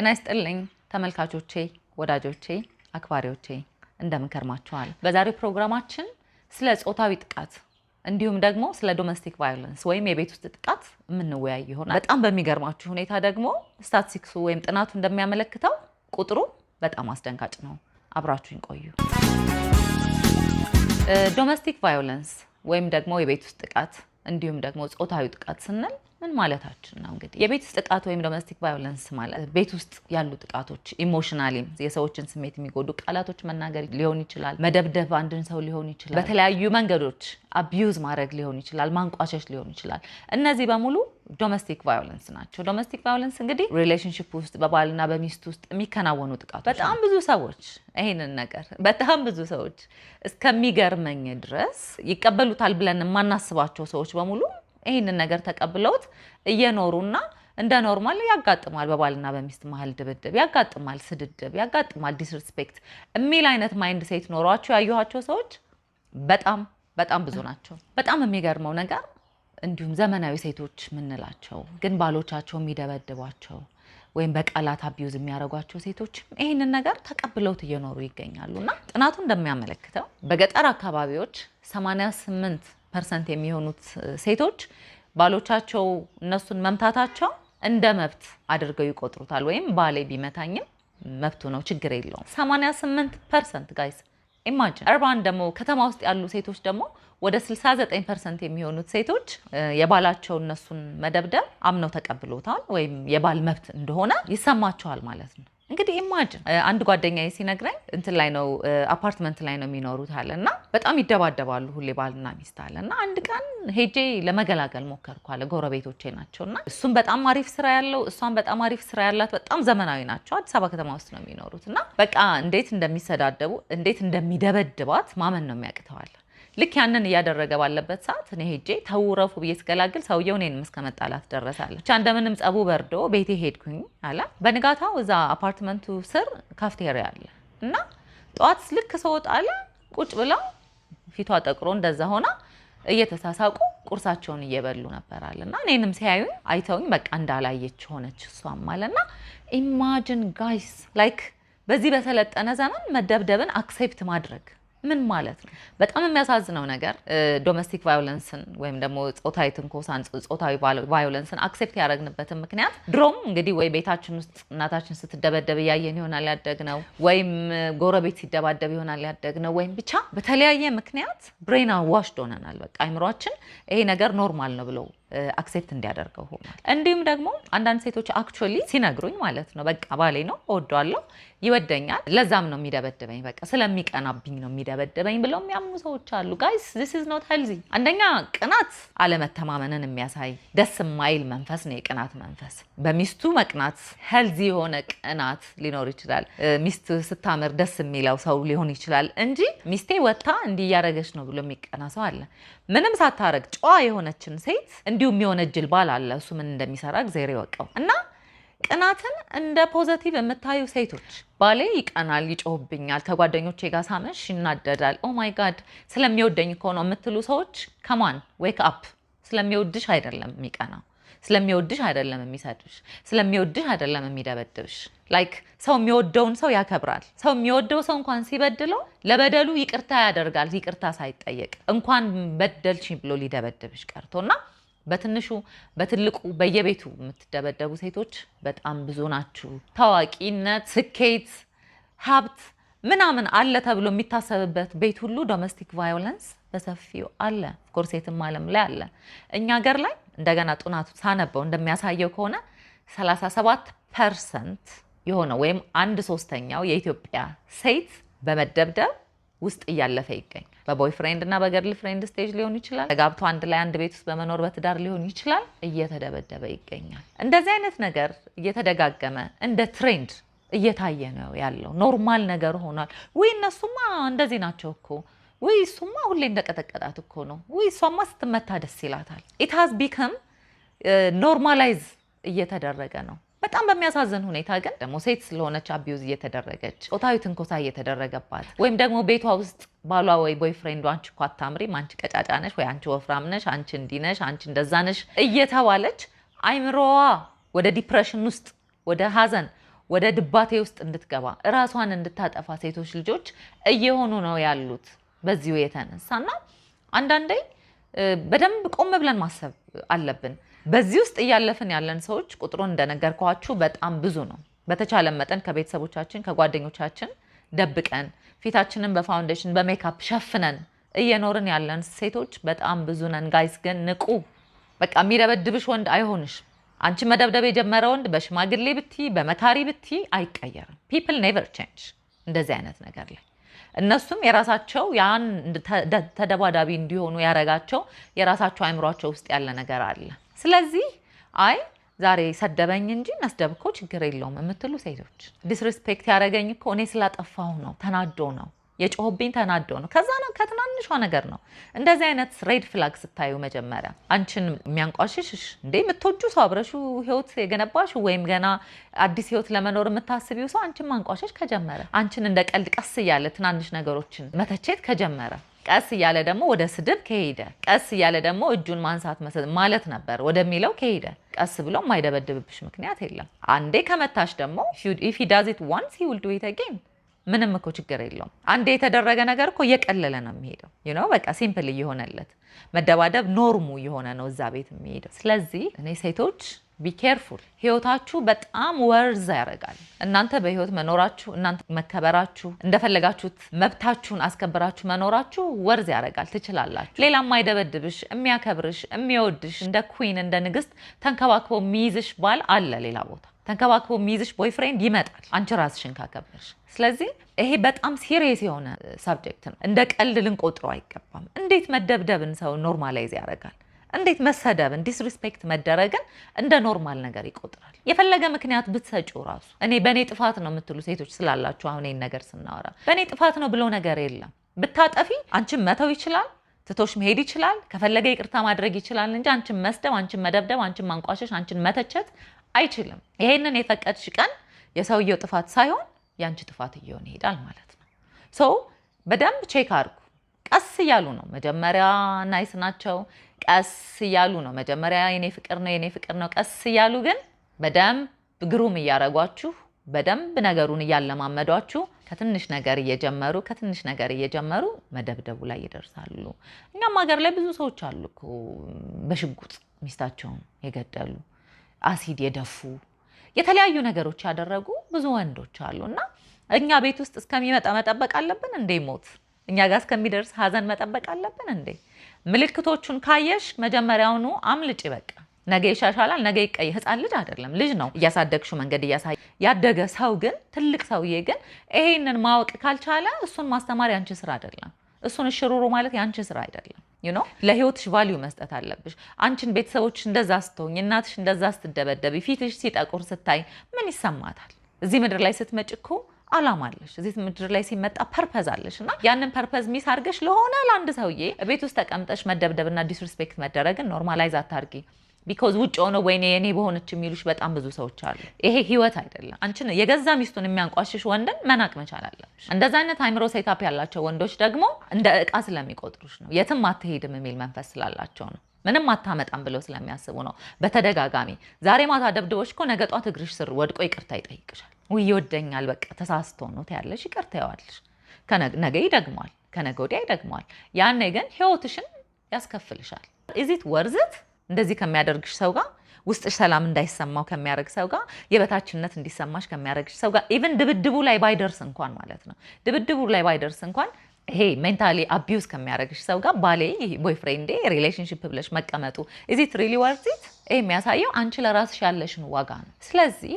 ጤና ይስጥልኝ ተመልካቾቼ፣ ወዳጆቼ፣ አክባሪዎቼ እንደምን ከርማችኋል? በዛሬው ፕሮግራማችን ስለ ጾታዊ ጥቃት እንዲሁም ደግሞ ስለ ዶሜስቲክ ቫዮለንስ ወይም የቤት ውስጥ ጥቃት የምንወያይ ይሆናል። በጣም በሚገርማችሁ ሁኔታ ደግሞ ስታትስቲክሱ ወይም ጥናቱ እንደሚያመለክተው ቁጥሩ በጣም አስደንጋጭ ነው። አብራችሁን ቆዩ። ዶሜስቲክ ቫዮለንስ ወይም ደግሞ የቤት ውስጥ ጥቃት እንዲሁም ደግሞ ጾታዊ ጥቃት ስንል ምን ማለታችን ነው? እንግዲህ የቤት ውስጥ ጥቃት ወይም ዶሜስቲክ ቫዮለንስ ማለት ቤት ውስጥ ያሉ ጥቃቶች፣ ኢሞሽናሊ የሰዎችን ስሜት የሚጎዱ ቃላቶች መናገር ሊሆን ይችላል። መደብደብ አንድን ሰው ሊሆን ይችላል። በተለያዩ መንገዶች አቢዩዝ ማድረግ ሊሆን ይችላል። ማንቋሸሽ ሊሆን ይችላል። እነዚህ በሙሉ ዶሜስቲክ ቫዮለንስ ናቸው። ዶሜስቲክ ቫዮለንስ እንግዲህ ሪሌሽንሽፕ ውስጥ በባልና በሚስት ውስጥ የሚከናወኑ ጥቃቶች። በጣም ብዙ ሰዎች ይህንን ነገር በጣም ብዙ ሰዎች እስከሚገርመኝ ድረስ ይቀበሉታል ብለን የማናስባቸው ሰዎች በሙሉ ይህንን ነገር ተቀብለውት እየኖሩና እንደ ኖርማል ያጋጥማል። በባልና በሚስት መሀል ድብድብ ያጋጥማል፣ ስድድብ ያጋጥማል፣ ዲስሪስፔክት የሚል አይነት ማይንድ ሴት ኖሯቸው ያየኋቸው ሰዎች በጣም በጣም ብዙ ናቸው። በጣም የሚገርመው ነገር እንዲሁም ዘመናዊ ሴቶች የምንላቸው ግን ባሎቻቸው የሚደበድቧቸው ወይም በቃላት አቢዩዝ የሚያደርጓቸው ሴቶች ይህንን ነገር ተቀብለውት እየኖሩ ይገኛሉ እና ጥናቱ እንደሚያመለክተው በገጠር አካባቢዎች 88 ፐርሰንት የሚሆኑት ሴቶች ባሎቻቸው እነሱን መምታታቸው እንደ መብት አድርገው ይቆጥሩታል። ወይም ባሌ ቢመታኝም መብቱ ነው፣ ችግር የለውም። 88 ፐርሰንት ጋይስ ኢማጂን። እርባን ደግሞ ከተማ ውስጥ ያሉ ሴቶች ደግሞ ወደ 69 ፐርሰንት የሚሆኑት ሴቶች የባላቸው እነሱን መደብደብ አምነው ተቀብሎታል፣ ወይም የባል መብት እንደሆነ ይሰማቸዋል ማለት ነው። እንግዲህ ኢማጅን አንድ ጓደኛ ሲነግረኝ እንትን ላይ ነው አፓርትመንት ላይ ነው የሚኖሩት አለ እና በጣም ይደባደባሉ ሁሌ ባልና ሚስት አለ እና አንድ ቀን ሄጄ ለመገላገል ሞከርኩ አለ። ጎረቤቶቼ ናቸው እና እሱም በጣም አሪፍ ስራ ያለው እሷም በጣም አሪፍ ስራ ያላት በጣም ዘመናዊ ናቸው። አዲስ አበባ ከተማ ውስጥ ነው የሚኖሩት እና በቃ እንዴት እንደሚሰዳደቡ እንዴት እንደሚደበድባት ማመን ነው የሚያቅተዋል። ልክ ያንን እያደረገ ባለበት ሰዓት እኔ ሄጄ ተውረፉ ብዬ ስገላግል ሰውየው እኔንም እስከ መጣላት ደረሳለ። ብቻ እንደምንም ጸቡ በርዶ ቤቴ ሄድኩኝ አለ። በንጋታው እዛ አፓርትመንቱ ስር ካፍቴሪያ አለ እና ጠዋት ልክ ሰወጥ አለ ቁጭ ብለው ፊቷ ጠቅሮ እንደዛ ሆና እየተሳሳቁ ቁርሳቸውን እየበሉ ነበር አለና እኔንም ሲያዩ አይተውኝ በቃ እንዳላየች ሆነች እሷም አለና ኢማጅን ጋይስ ላይክ በዚህ በሰለጠነ ዘመን መደብደብን አክሴፕት ማድረግ ምን ማለት ነው? በጣም የሚያሳዝነው ነገር ዶሜስቲክ ቫዮለንስን ወይም ደግሞ ፆታዊ ትንኮሳን፣ ፆታዊ ቫዮለንስን አክሴፕት ያደረግንበትን ምክንያት ድሮም እንግዲህ ወይ ቤታችን ውስጥ እናታችን ስትደበደብ እያየን ይሆናል ያደግነው፣ ወይም ጎረቤት ሲደባደብ ይሆናል ነው፣ ወይም ብቻ በተለያየ ምክንያት ብሬና ዋሽድ ሆነናል። በቃ አይምሯችን ይሄ ነገር ኖርማል ነው ብለው አክሴፕት እንዲያደርገው ሆኗል። እንዲሁም ደግሞ አንዳንድ ሴቶች አክቹዋሊ ሲነግሩኝ ማለት ነው በቃ ባሌ ነው እወደዋለሁ፣ ይወደኛል፣ ለዛም ነው የሚደበድበኝ፣ በቃ ስለሚቀናብኝ ነው የሚደበድበኝ ብለው የሚያምኑ ሰዎች አሉ። ጋይስ ዚስ ኢዝ ኖት ሄልዚ። አንደኛ ቅናት አለመተማመንን የሚያሳይ ደስ የማይል መንፈስ ነው፣ የቅናት መንፈስ። በሚስቱ መቅናት ሄልዚ የሆነ ቅናት ሊኖር ይችላል። ሚስት ስታምር ደስ የሚለው ሰው ሊሆን ይችላል እንጂ ሚስቴ ወታ እንዲህ እያደረገች ነው ብሎ የሚቀና ሰው አለ። ምንም ሳታረግ ጨዋ የሆነችን ሴት እንዲሁ የሚሆነ እጅል ባል አለ። እሱ ምን እንደሚሰራ እግዚአብሔር ይወቀው እና ቅናትን እንደ ፖዘቲቭ የምታዩ ሴቶች ባሌ ይቀናል፣ ይጮህብኛል፣ ከጓደኞቼ ጋር ሳመሽ ይናደዳል፣ ኦ ማይ ጋድ ስለሚወደኝ እኮ ነው የምትሉ ሰዎች ከማን ዌክ አፕ። ስለሚወድሽ አይደለም የሚቀናው፣ ስለሚወድሽ አይደለም የሚሰድብሽ፣ ስለሚወድሽ አይደለም የሚደበድብሽ። ላይክ ሰው የሚወደውን ሰው ያከብራል። ሰው የሚወደው ሰው እንኳን ሲበድለው ለበደሉ ይቅርታ ያደርጋል፣ ይቅርታ ሳይጠየቅ እንኳን በደልሽ ብሎ ሊደበድብሽ ቀርቶና በትንሹ በትልቁ በየቤቱ የምትደበደቡ ሴቶች በጣም ብዙ ናችሁ። ታዋቂነት፣ ስኬት፣ ሀብት ምናምን አለ ተብሎ የሚታሰብበት ቤት ሁሉ ዶሜስቲክ ቫዮለንስ በሰፊው አለ። ኦፍኮርስ የትም ዓለም ላይ አለ። እኛ ሀገር ላይ እንደገና ጥናቱ ሳነበው እንደሚያሳየው ከሆነ 37 ፐርሰንት የሆነ ወይም አንድ ሶስተኛው የኢትዮጵያ ሴት በመደብደብ ውስጥ እያለፈ ይገኛል። በቦይ ፍሬንድ እና በገርል ፍሬንድ ስቴጅ ሊሆን ይችላል። ተጋብቶ አንድ ላይ አንድ ቤት ውስጥ በመኖር በትዳር ሊሆን ይችላል። እየተደበደበ ይገኛል። እንደዚህ አይነት ነገር እየተደጋገመ እንደ ትሬንድ እየታየ ነው ያለው። ኖርማል ነገር ሆኗል። ውይ እነሱማ እንደዚህ ናቸው እኮ ውይ እሱማ ሁሌ እንደቀጠቀጣት እኮ ነው። ውይ እሷማ ስትመታ ደስ ይላታል። ኢት ሀዝ ቢከም ኖርማላይዝ እየተደረገ ነው። በጣም በሚያሳዝን ሁኔታ ግን ደግሞ ሴት ስለሆነች አቢዩዝ እየተደረገች ጾታዊ ትንኮሳ እየተደረገባት ወይም ደግሞ ቤቷ ውስጥ ባሏ ወይ ቦይፍሬንዱ አንቺ እኮ አታምሪም፣ አንቺ ቀጫጫ ነሽ፣ ወይ አንቺ ወፍራም ነሽ፣ አንቺ እንዲህ ነሽ፣ አንቺ እንደዛ ነሽ እየተባለች አይምሮዋ ወደ ዲፕሬሽን ውስጥ ወደ ሀዘን ወደ ድባቴ ውስጥ እንድትገባ እራሷን እንድታጠፋ ሴቶች ልጆች እየሆኑ ነው ያሉት። በዚሁ የተነሳና አንዳንዴ በደንብ ቆም ብለን ማሰብ አለብን። በዚህ ውስጥ እያለፍን ያለን ሰዎች ቁጥሩን እንደነገርኳችሁ በጣም ብዙ ነው። በተቻለ መጠን ከቤተሰቦቻችን ከጓደኞቻችን ደብቀን ፊታችንን በፋውንዴሽን በሜካፕ ሸፍነን እየኖርን ያለን ሴቶች በጣም ብዙ ነን። ጋይስ ግን ንቁ። በቃ የሚደበድብሽ ወንድ አይሆንሽ። አንቺ መደብደብ የጀመረ ወንድ በሽማግሌ ብቲ በመካሪ ብቲ አይቀየርም። ፒፕል ኔቨር ቼንጅ። እንደዚህ አይነት ነገር ላይ እነሱም የራሳቸው ያን ተደባዳቢ እንዲሆኑ ያረጋቸው የራሳቸው አይምሯቸው ውስጥ ያለ ነገር አለ። ስለዚህ አይ ዛሬ ሰደበኝ እንጂ መስደብ እኮ ችግር የለውም የምትሉ ሴቶች ዲስሪስፔክት ያደረገኝ እኮ እኔ ስላጠፋሁ ነው፣ ተናዶ ነው የጮሆብኝ ተናዶ ነው። ከዛ ነው ከትናንሿ ነገር ነው። እንደዚህ አይነት ሬድ ፍላግ ስታዩ መጀመሪያ አንቺን የሚያንቋሽሽሽ እንዴ የምትወጁ ሰው አብረሹ ህይወት የገነባሽ ወይም ገና አዲስ ህይወት ለመኖር የምታስቢው ሰው አንቺን ማንቋሸሽ ከጀመረ አንቺን እንደ ቀልድ ቀስ እያለ ትናንሽ ነገሮችን መተቼት ከጀመረ ቀስ እያለ ደግሞ ወደ ስድብ ከሄደ፣ ቀስ እያለ ደግሞ እጁን ማንሳት ማለት ነበር ወደሚለው ከሄደ ቀስ ብሎ የማይደበድብብሽ ምክንያት የለም። አንዴ ከመታሽ ደግሞ ኢፍ ዳዝ ኢት ዋንስ ሂ ዊል ዱ ኢት አጌን። ምንም እኮ ችግር የለውም። አንዴ የተደረገ ነገር እኮ እየቀለለ ነው የሚሄደው። ዩኖ በቃ ሲምፕል እየሆነለት መደባደብ ኖርሙ እየሆነ ነው እዛ ቤት የሚሄደው። ስለዚህ እኔ ሴቶች ቢኬርፉል ህይወታችሁ በጣም ወርዝ ያደርጋል። እናንተ በህይወት መኖራችሁ፣ እናንተ መከበራችሁ፣ እንደፈለጋችሁት መብታችሁን አስከብራችሁ መኖራችሁ ወርዝ ያደርጋል። ትችላላችሁ። ሌላ የማይደበድብሽ የሚያከብርሽ፣ የሚወድሽ እንደ ኩዊን እንደ ንግስት ተንከባክቦ የሚይዝሽ ባል አለ። ሌላ ቦታ ተንከባክቦ የሚይዝሽ ቦይፍሬንድ ይመጣል። አንቺ ራስሽን ካከበርሽ ስለዚህ ይሄ በጣም ሲሪየስ የሆነ ሰብጀክት ነው። እንደ ቀልድ ልንቆጥሮ አይገባም። እንዴት መደብደብን ሰው ኖርማላይዝ ያደርጋል? እንዴት መሰደብን ዲስሪስፔክት መደረግን እንደ ኖርማል ነገር ይቆጥራል። የፈለገ ምክንያት ብትሰጪው ራሱ እኔ በእኔ ጥፋት ነው የምትሉ ሴቶች ስላላችሁ አሁን ይህን ነገር ስናወራ በእኔ ጥፋት ነው ብሎ ነገር የለም። ብታጠፊ አንቺን መተው ይችላል፣ ትቶሽ መሄድ ይችላል፣ ከፈለገ ይቅርታ ማድረግ ይችላል እንጂ አንቺን መስደብ፣ አንቺን መደብደብ፣ አንቺን ማንቋሸሽ፣ አንቺን መተቸት አይችልም። ይሄንን የፈቀድሽ ቀን የሰውየው ጥፋት ሳይሆን የአንቺ ጥፋት እየሆነ ይሄዳል ማለት ነው። ሰው በደንብ ቼክ አድርጉ። ቀስ እያሉ ነው መጀመሪያ ናይስ ናቸው ቀስ እያሉ ነው መጀመሪያ የኔ ፍቅር ነው የኔ ፍቅር ነው። ቀስ እያሉ ግን በደንብ ግሩም እያረጓችሁ በደንብ ነገሩን እያለማመዷችሁ ከትንሽ ነገር እየጀመሩ ከትንሽ ነገር እየጀመሩ መደብደቡ ላይ ይደርሳሉ። እኛም ሀገር ላይ ብዙ ሰዎች አሉ እኮ በሽጉጥ ሚስታቸውን የገደሉ አሲድ የደፉ የተለያዩ ነገሮች ያደረጉ ብዙ ወንዶች አሉ። እና እኛ ቤት ውስጥ እስከሚመጣ መጠበቅ አለብን እንዴ? ሞት እኛ ጋር እስከሚደርስ ሀዘን መጠበቅ አለብን እንዴ? ምልክቶቹን ካየሽ መጀመሪያውኑ አምልጭ። በቃ ነገ ይሻሻላል፣ ነገ ይቀይ። ህፃን ልጅ አይደለም ልጅ ነው እያሳደግሹ መንገድ እያሳ ያደገ ሰው ግን ትልቅ ሰውዬ ግን ይሄንን ማወቅ ካልቻለ እሱን ማስተማር ያንቺ ስራ አይደለም። እሱን እሽሩሩ ማለት ያንቺ ስራ አይደለም። ዩኖ ለህይወትሽ ቫሊዩ መስጠት አለብሽ። አንቺን ቤተሰቦች እንደዛ ስትሆኝ፣ እናትሽ እንደዛ ስትደበደብ ፊትሽ ሲጠቁር ስታይ ምን ይሰማታል? እዚህ ምድር ላይ ስትመጭ እኮ አላማ አለሽ። እዚህ ምድር ላይ ሲመጣ ፐርፐዝ አለሽ እና ያንን ፐርፐዝ ሚስ አድርገሽ ለሆነ ለአንድ ሰውዬ ቤት ውስጥ ተቀምጠሽ መደብደብና ዲስሪስፔክት መደረግን ኖርማላይዝ አታርጊ። ቢኮዝ ውጭ ሆነ ወይኔ የኔ በሆነች የሚሉሽ በጣም ብዙ ሰዎች አሉ። ይሄ ህይወት አይደለም። አንቺን የገዛ ሚስቱን የሚያንቋሽሽ ወንድን መናቅ መቻል አለብሽ። እንደዚ አይነት አይምሮ ሴታፕ ያላቸው ወንዶች ደግሞ እንደ እቃ ስለሚቆጥሩሽ ነው። የትም አትሄድም የሚል መንፈስ ስላላቸው ነው። ምንም አታመጣም ብለው ስለሚያስቡ ነው። በተደጋጋሚ ዛሬ ማታ ደብድቦች እኮ ነገ ጧት እግርሽ ስር ወድቆ ይቅርታ ይጠይቅሻል። ውይ ይወደኛል፣ በቃ ተሳስቶ ነው ትያለሽ፣ ይቅርታ ይዋልሽ። ነገ ይደግሟል፣ ከነገ ወዲያ ይደግሟል። ያኔ ግን ህይወትሽን ያስከፍልሻል። ኢዚት ወርዝት እንደዚህ ከሚያደርግሽ ሰው ጋር ውስጥሽ ሰላም እንዳይሰማው ከሚያደርግ ሰው ጋር የበታችነት እንዲሰማሽ ከሚያደርግሽ ሰው ጋር ኢቨን ድብድቡ ላይ ባይደርስ እንኳን ማለት ነው ድብድቡ ላይ ባይደርስ እንኳን ይሄ ሜንታሊ አቢውዝ ከሚያደርግሽ ሰው ጋር ባሌ ቦይፍሬንዴ ሪሌሽንሽፕ ብለሽ መቀመጡ ኢዚት ሪሊ ወርዚት? ይሄ የሚያሳየው አንቺ ለራስሽ ያለሽን ዋጋ ነው። ስለዚህ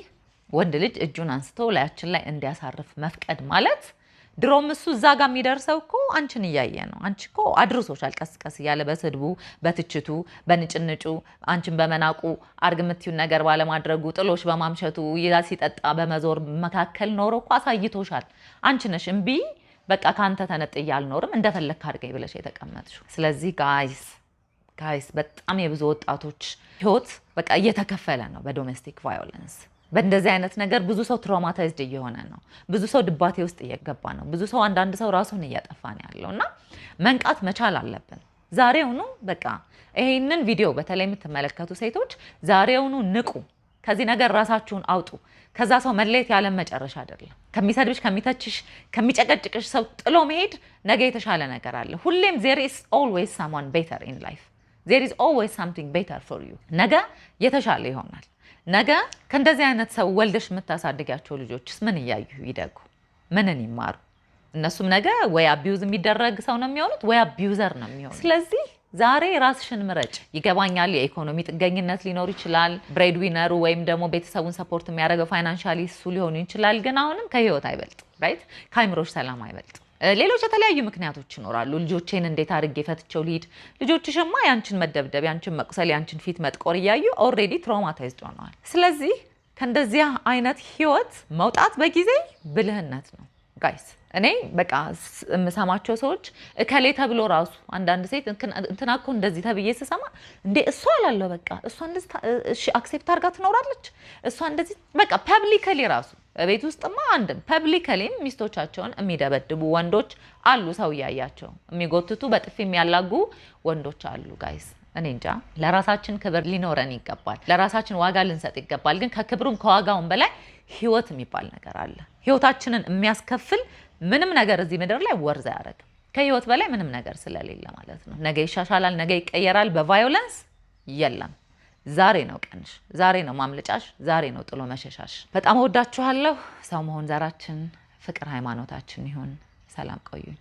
ወንድ ልጅ እጁን አንስቶ ላያችን ላይ እንዲያሳርፍ መፍቀድ ማለት ድሮም እሱ እዛ ጋር የሚደርሰው እኮ አንቺን እያየ ነው። አንቺ እኮ አድርሶሻል፣ ቀስ እያለ በስድቡ፣ በትችቱ፣ በንጭንጩ፣ አንቺን በመናቁ አድርግ የምትዩን ነገር ባለማድረጉ፣ ጥሎሽ በማምሸቱ፣ ይዛ ሲጠጣ በመዞር መካከል ኖሮ እኮ አሳይቶሻል። አንቺ ነሽ እምቢ በቃ ከአንተ ተነጥዬ አልኖርም እንደፈለግ አድርገኝ ብለሽ የተቀመጥሽው። ስለዚህ ጋይስ ጋይስ በጣም የብዙ ወጣቶች ህይወት በቃ እየተከፈለ ነው በዶሜስቲክ ቫዮለንስ በእንደዚህ አይነት ነገር ብዙ ሰው ትራውማታይዝድ እየሆነ ነው። ብዙ ሰው ድባቴ ውስጥ እየገባ ነው። ብዙ ሰው አንዳንድ ሰው ራሱን እያጠፋ ነው ያለው እና መንቃት መቻል አለብን። ዛሬውኑ በቃ ይሄንን ቪዲዮ በተለይ የምትመለከቱ ሴቶች ዛሬውኑ ንቁ። ከዚህ ነገር ራሳችሁን አውጡ። ከዛ ሰው መለየት ያለም መጨረሻ አይደለም። ከሚሰድብሽ፣ ከሚተችሽ፣ ከሚጨቀጭቅሽ ሰው ጥሎ መሄድ ነገ የተሻለ ነገር አለ። ሁሌም ዜር ኢዝ ኦልዌይስ ሳምዋን ቤተር ኢን ላይፍ ዜር ኢዝ ኦልዌይስ ሳምቲንግ ቤተር ፎር ዩ። ነገ የተሻለ ይሆናል። ነገ ከእንደዚህ አይነት ሰው ወልደሽ የምታሳድጋቸው ልጆችስ ምን እያዩ ይደጉ? ምንን ይማሩ? እነሱም ነገ ወይ አቢዩዝ የሚደረግ ሰው ነው የሚሆኑት ወይ አቢዩዘር ነው የሚሆኑት። ስለዚህ ዛሬ ራስሽን ምረጭ። ይገባኛል፣ የኢኮኖሚ ጥገኝነት ሊኖር ይችላል። ብሬድ ዊነሩ ወይም ደግሞ ቤተሰቡን ሰፖርት የሚያደርገው ፋይናንሻሊ እሱ ሊሆኑ ይችላል። ግን አሁንም ከህይወት አይበልጥ ራይት፣ ከአይምሮች ሰላም አይበልጥ። ሌሎች የተለያዩ ምክንያቶች ይኖራሉ። ልጆቼን እንዴት አድርጌ ፈትቸው ልሂድ? ልጆችሽማ ያንችን መደብደብ፣ ያንችን መቁሰል፣ ያንችን ፊት መጥቆር እያዩ ኦልሬዲ ትራውማታይዝድ ሆነዋል። ስለዚህ ከእንደዚያ አይነት ህይወት መውጣት በጊዜ ብልህነት ነው ጋይስ። እኔ በቃ የምሰማቸው ሰዎች እከሌ ተብሎ ራሱ አንዳንድ ሴት እንትና እኮ እንደዚህ ተብዬ ስሰማ እንዴ እሷ አላለሁ በቃ እሷ እንደዚህ አክሴፕት አድርጋ ትኖራለች። እሷ እንደዚህ በቃ ፐብሊከሊ ራሱ ቤት ውስጥማ አንድም ፐብሊከሊም ሚስቶቻቸውን የሚደበድቡ ወንዶች አሉ። ሰው እያያቸው የሚጎትቱ በጥፊ የሚያላጉ ወንዶች አሉ። ጋይስ እኔ እንጃ። ለራሳችን ክብር ሊኖረን ይገባል። ለራሳችን ዋጋ ልንሰጥ ይገባል። ግን ከክብሩም ከዋጋውም በላይ ህይወት የሚባል ነገር አለ። ህይወታችንን የሚያስከፍል ምንም ነገር እዚህ ምድር ላይ ወርዝ አያደርግም። ከህይወት በላይ ምንም ነገር ስለሌለ ማለት ነው። ነገ ይሻሻላል፣ ነገ ይቀየራል። በቫዮለንስ የለም። ዛሬ ነው ቀንሽ፣ ዛሬ ነው ማምለጫሽ፣ ዛሬ ነው ጥሎ መሸሻሽ። በጣም እወዳችኋለሁ። ሰው መሆን ዘራችን፣ ፍቅር ሃይማኖታችን ይሁን። ሰላም ቆዩኝ።